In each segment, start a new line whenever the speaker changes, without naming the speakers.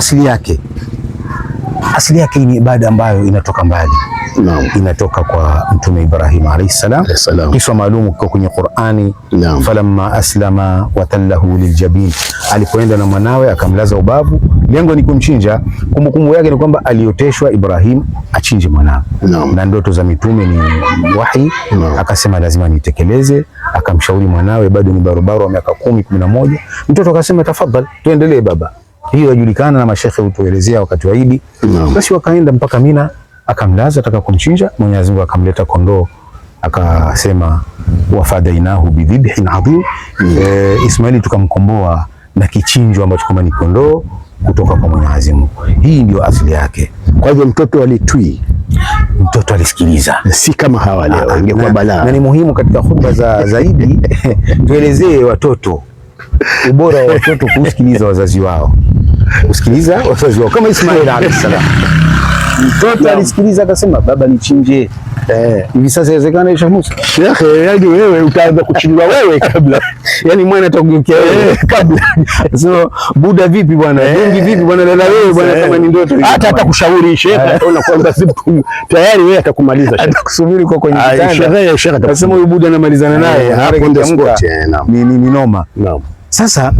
asili yake asili yake ni ibada ambayo inatoka mbali Naam. inatoka kwa Mtume Ibrahim alayhi salam.
maalum
maalumu kwa kwenye Qur'ani no. falamma aslama watallahu liljabin, alipoenda na mwanawe akamlaza ubavu, lengo ni kumchinja. Kumbukumbu yake ni kwamba alioteshwa Ibrahim achinje mwanawe na ndoto za mitume ni wahi akasema lazima nitekeleze, akamshauri mwanawe, bado ni barobaro wa miaka kumi kumi na moja. Mtoto akasema tafadhali, tuendelee baba hiyo yajulikana na mashekhe utuelezea wakati wa Idi. Basi wakaenda mpaka Mina, akamlaza ataka kumchinja. Mwenyezi Mungu akamleta kondoo akasema wafadainahu bidhibhin adhim. Hmm. E, Ismaili tukamkomboa na kichinjwa ambacho kama ni kondoo kutoka kwa Mwenyezi Mungu. Hii ndio asili yake. Kwa hivyo mtoto alitwii, mtoto alisikiliza,
si kama hawa leo, ah, ingekuwa balaa.
Na ni muhimu katika hutuba za zaidi tuelezee watoto ubora wa watoto kusikiliza wazazi wao kusikiliza wazazi wao, kama Ismail alayhi salam mtoto alisikiliza akasema, baba nichinje. Eh, hivi sasa inawezekana Sheikh Musa,
Sheikh, yaani wewe utaanza kuchinjwa wewe kabla,
yaani mwana atageukia
wewe eh, kabla.
So buda vipi bwana, wengi eh. vipi bwana, Lala wewe eh. bwana, kama ni ndoto
hata atakushauri Sheikh,
ataona kwamba siku
tayari wewe atakumaliza Sheikh,
atakusubiri kwa kwenye
ah, kitanda ya Sheikh,
atasema huyu buda anamalizana naye hapo, ndio spot ni ni noma. Naam, sasa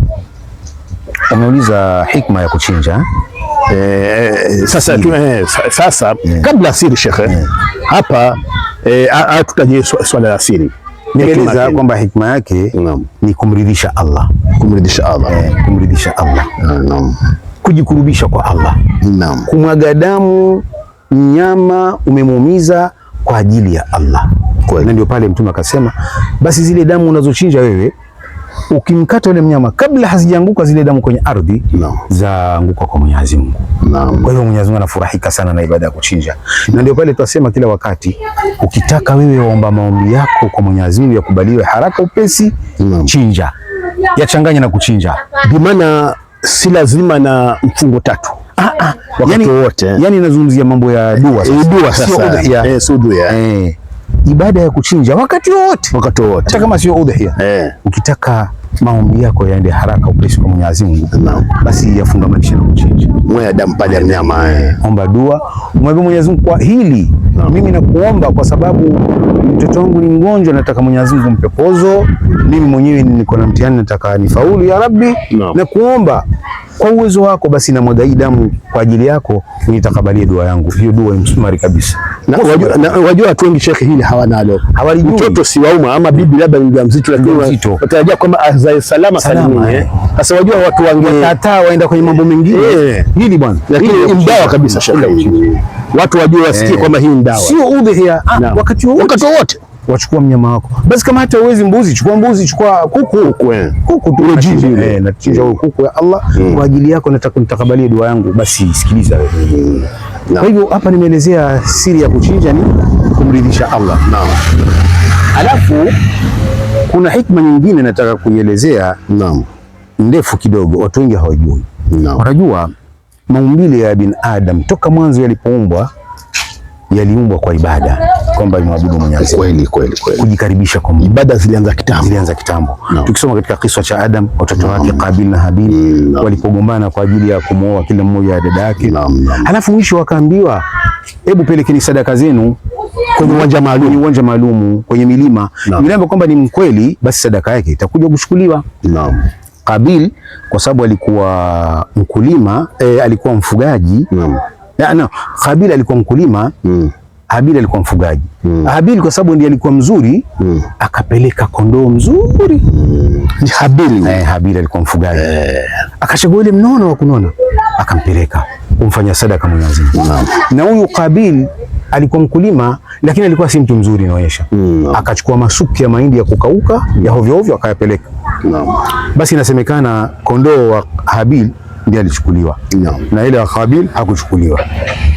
Umeuliza hikma ya kuchinja
e, sasa, e, sasa kabla asiri shekhe hapa e, swala la asiri
nieleza kwamba hikma yake ni kumridhisha Allah,
kumridhisha Allah,
kumridhisha Allah ah, naam. kujikurubisha kwa Allah naam. kumwaga damu mnyama umemuumiza kwa ajili ya Allah, na ndio pale Mtume akasema basi zile damu unazochinja wewe ukimkata yule mnyama kabla hazijaanguka zile damu kwenye ardhi no. zaanguka kwa Mwenyezi Mungu no. Kwa hiyo Mwenyezi Mungu anafurahika sana na ibada ya kuchinja, na ndio pale twasema kila wakati, ukitaka wewe waomba maombi yako kwa Mwenyezi Mungu yakubaliwe haraka upesi no. Chinja, yachanganya na kuchinja,
bi maana si lazima na mfungo tatu ah, ah. Wakati
wote yani, yani nazungumzia mambo ya dua eh, sasa, dua sasa, sio udhiya eh, eh ibada ya kuchinja wakati wote, wakati wote, hata kama sio udhia eh. Ukitaka maombi yako yaende haraka upesi kwa Mwenyezi Mungu, basi yafungamanishe na kuchinja,
mwe damu pale ya mnyama eh,
omba dua, umwambie Mwenyezi Mungu kwa hili no. Mimi nakuomba kwa sababu mtoto wangu ni mgonjwa, nataka Mwenyezi Mungu mpe pozo. Mimi mwenyewe niko na mtihani, nataka nifaulu ya Rabbi no. na kuomba kwa uwezo wako basi na mwaga hii damu kwa ajili yako, nitakabalie dua yangu. Hiyo dua ni msumari kabisa.
Na wajua, na wajua watu wengi shekhe, hili hawanalo alo, hawalijui. Mtoto si wauma ama hmm. bibi labda ni mjamzito, lakini watarajia kwamba azae salama salimini. Eh. Eh. sasa wajua watu wange
kataa waenda kwenye mambo mengine
eh. hili bwana,
lakini ni dawa kabisa shekhe, hmm.
watu wajue wasikie kwamba hii ni dawa,
sio udhi udhia ah, wakati
wote
wachukua mnyama wako. Basi kama hata uwezi mbuzi, chukua mbuzi, chukua kuku, kuku eh. tu chinja eh, eh, na chinja huyo eh, kuku ya Allah mm. kwa ajili yako, nataka nitakabalie dua yangu. Basi sikiliza wewe
mm. Kwa
hivyo hapa nimeelezea siri ya kuchinja ni kumridhisha Allah. Naam. Alafu kuna hikma nyingine nataka kuielezea. Naam. Ndefu kidogo, watu wengi hawajui. Wanajua maumbile ya bin Adam toka mwanzo yalipoumbwa yaliumbwa kwa ibada, kwamba imwabudu Mwenyezi
kweli kweli kweli,
kujikaribisha kwa Mungu.
Ibada zilianza kitambo,
zilianza kitambo no. Tukisoma katika kisa cha Adam, watoto wake Kabil na Habil mm. no. walipogombana kwa ajili ya kumwoa kila mmoja ya dada yake no. no. Halafu mwisho wakaambiwa, hebu pelekeni sadaka zenu kwenye uwanja maalum, uwanja maalum kwenye milima no. Milamba kwamba ni mkweli, basi sadaka yake itakuja kuchukuliwa no. Kabil kwa sababu alikuwa mkulima eh, alikuwa mfugaji no ya, no, Habili alikuwa mkulima mm. Habili alikuwa mfugaji mm. Habili kwa sababu ndiye alikuwa mzuri mm. akapeleka kondoo mzuri mm. Habili eh, eh Habili alikuwa mfugaji eh. akachagua ile mnono wa kunona akampeleka kumfanya sadaka Mwenyezi mm. na huyu Kabili alikuwa mkulima lakini alikuwa si mtu mzuri inaonyesha mm. akachukua masuki ya mahindi ya kukauka mm. ya hovyo hovyo akayapeleka mm. basi inasemekana kondoo wa Habili ndiye alichukuliwa no. na ile Habil hakuchukuliwa.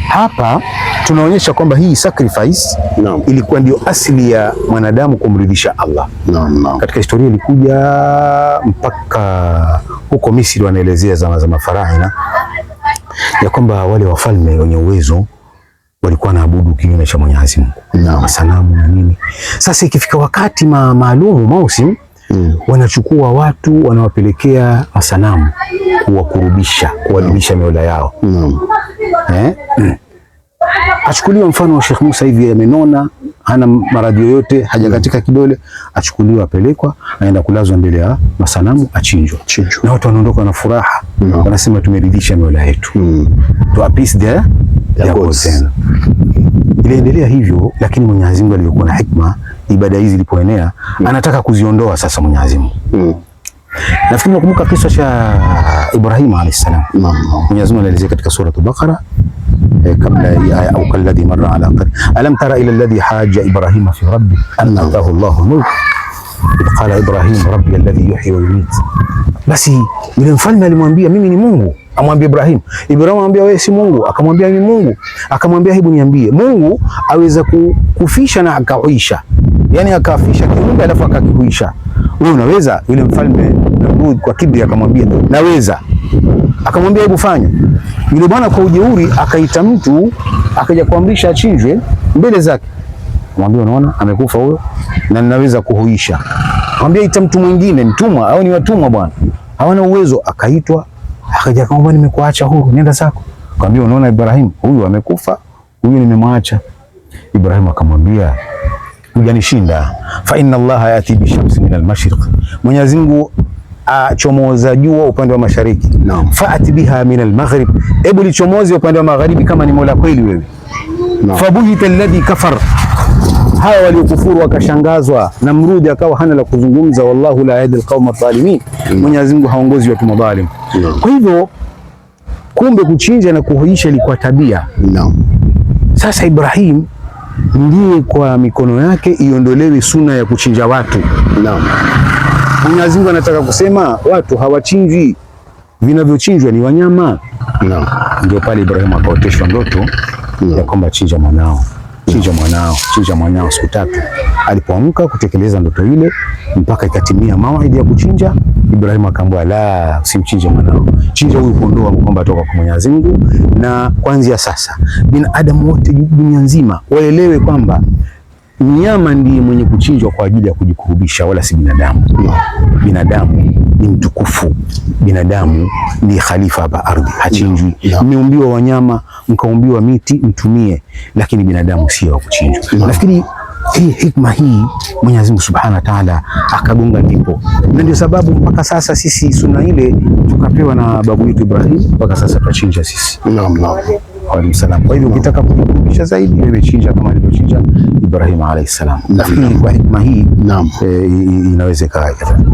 Hapa tunaonyesha kwamba hii sacrifice no. ilikuwa ndio asili ya mwanadamu kumridhisha Allah no, no. katika historia ilikuja mpaka huko Misri, wanaelezea zama za mafarahina ya kwamba wale wafalme wenye uwezo walikuwa naabudu kinyume cha Mwenyezi
Mungu no.
masanamu na nini. Sasa ikifika wakati ma maalumu mausimu mm. wanachukua watu wanawapelekea masanamu kuwakurubisha, kuwarudisha miola mm. yao mm. Eh? Mm. Achukuliwa mfano wa Sheikh Musa hivi, amenona hana maradhi yoyote, hajakatika mm. kidole, achukuliwa apelekwa, aenda kulazwa mbele ya masanamu, achinjwa, na watu wanaondoka na furaha mm. wanasema tumeridhisha miola yetu mm. to appease their, their Iliendelea hivyo, lakini Mwenyezi Mungu alivyokuwa na hikma, ibada hizi zilipoenea mm. anataka kuziondoa sasa Mwenyezi Mungu mm. Nafikiri nakumbuka kisa cha Ibrahim alayhi salam. Mwenyezi Mungu alielezea katika sura Al-Baqara eh, kabla ya aya au kalladhi marra ala qad alam tara ila alladhi haja Ibrahim fi rabbi anna atahu Allahu mulk idh qala Ibrahim rabbi alladhi yuhyi wa yumiit, basi yule mfalme alimwambia mimi ni Mungu amwambie Ibrahim. Ibrahim amwambia wewe si Mungu, akamwambia ni Mungu, akamwambia hebu niambie, Mungu aweza kufisha na akauisha, Yani akafisha kiumbe alafu akakihuisha, wewe unaweza? Yule mfalme Namrud kwa kibri akamwambia naweza. Akamwambia hebu fanya. Yule bwana kwa ujeuri akaita mtu akaja kuamrisha achinjwe mbele zake, akamwambia unaona, amekufa huyo na ninaweza kuhuisha. Akamwambia ita mtu mwingine, mtumwa au ni watumwa bwana, hawana uwezo. Akaitwa Akajakwamba nimekuacha huru, nenda zako. Akamwambia unaona Ibrahim, huyu amekufa, huyu nimemwacha. Ibrahim akamwambia hujanishinda, fa inna Allaha yati bi shamsi min al-mashriq, Mwenyezi Mungu achomoza jua upande wa mashariki no. faati biha min al-maghrib, hebu lichomoze upande wa magharibi kama ni Mola kweli wewe no. fabuhita alladhi kafar hawa waliokufuru wakashangazwa, na Mrudi akawa hana la kuzungumza. Wallahu la yahdi alqauma adh-dhalimin, Mwenyezi Mungu haongozi watu madhalimu no. Kwa hivyo kumbe kuchinja na kuhoisha ilikuwa tabia no. Sasa Ibrahim ndiye kwa mikono yake iondolewe suna ya kuchinja watu no. Mwenyezi Mungu anataka kusema watu hawachinjwi, vinavyochinjwa ni wanyama no. Ndio pale Ibrahim akaoteshwa ndoto no. ya kwamba chinja mwanao chinja mwanao chinja mwanao siku tatu. Alipoamka kutekeleza ndoto ile mpaka ikatimia mawaidi ya kuchinja Ibrahim akaambia la, usimchinje mwanao, chinja huyu kondoo kwamba atoka kwa Mwenyezi Mungu. Na kuanzia sasa binadamu wote dunia nzima waelewe kwamba mnyama ndiye mwenye kuchinjwa kwa ajili ya kujikurubisha, wala si binadamu. Binadamu ni mtukufu, binadamu ni khalifa hapa ardhi, hachinjwi. Mmeumbiwa wanyama, mkaumbiwa miti, mtumie, lakini binadamu sio wa kuchinjwa. Nafikiri hii hikma hii Mwenyezi Mungu Subhanahu wa Ta'ala akagonga ndipo, na ndio sababu mpaka sasa sisi suna ile tukapewa na babu yetu Ibrahim, mpaka sasa tunachinja sisi. Naam, naam. Kwa hivyo ukitaka kukurudisha zaidi wewe chinja kama alivyochinja Ibrahim alayhi salam. kwa hikma hii, naam, eh, inawezekana.